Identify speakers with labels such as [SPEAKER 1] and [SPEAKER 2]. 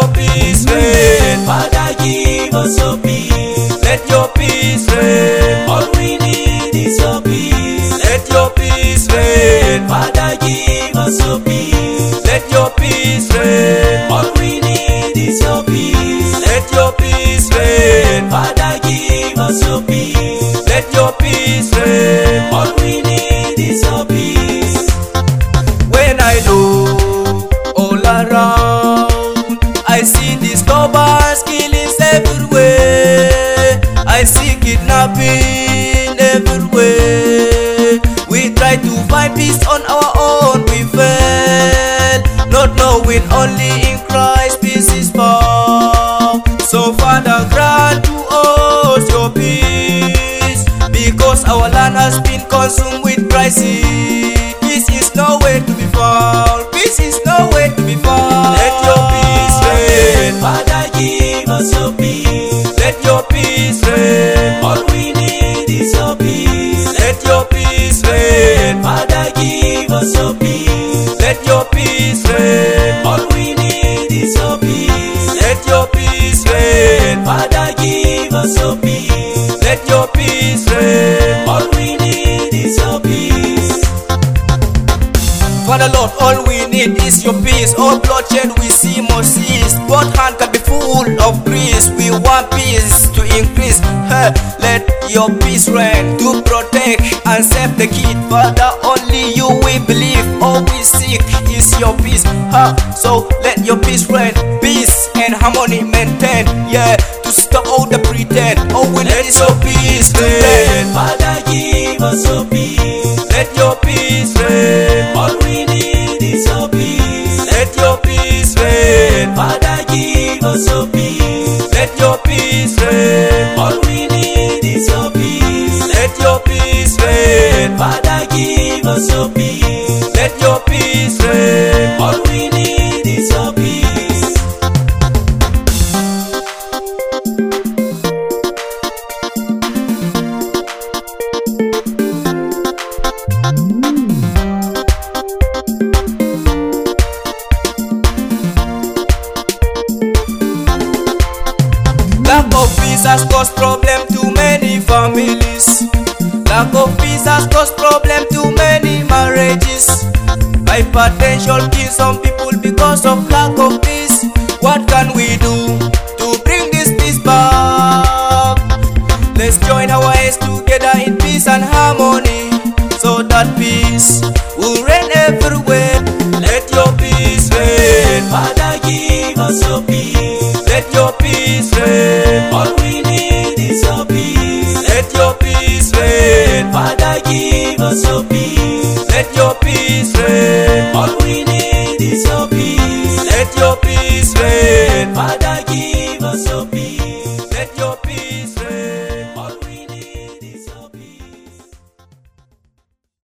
[SPEAKER 1] your peace reign. Father, give us your peace. Let your peace reign. All we need is your peace. Let your peace reign. Father, give us your peace. Let your peace reign. All we need is your peace. Let your peace reign. Father, give us your peace. Let your peace reign. All we need is your peace. When I know
[SPEAKER 2] find peace on our own we fail Not knowing only in Christ peace is found So Father grant to us your peace Because our land has been consumed with crisis
[SPEAKER 1] Peace is nowhere to be found Peace is nowhere to be found Let your peace reign Father give us your peace Let your peace reign All we need is your peace Let your peace reign Father, give us your peace. Let your peace reign. All we need is your peace. Let your peace reign. Father, give us your peace. Let your peace reign. All we need is your peace.
[SPEAKER 2] Father Lord, all we need is your peace. All oh bloodshed we see must cease. One hand can be full of grace? We want peace to increase. let your peace reign. To protect make and save the kid. Father, only you we believe. All we seek is your peace. Huh? So let your peace reign. Peace and harmony maintain. Yeah, to stop all the pretend. All we need let
[SPEAKER 1] your peace reign. Father, give us your peace. Let your peace reign. All we need is your peace. Let your peace reign. Father, give us your peace. Let your peace reign.
[SPEAKER 2] peace has caused problem to many families. Lack of peace has caused problem to many marriages. Hypertension kills some people because of lack of peace. What can we do to bring this peace back? Let's join our heads together in peace and harmony so that peace
[SPEAKER 1] will reign everywhere.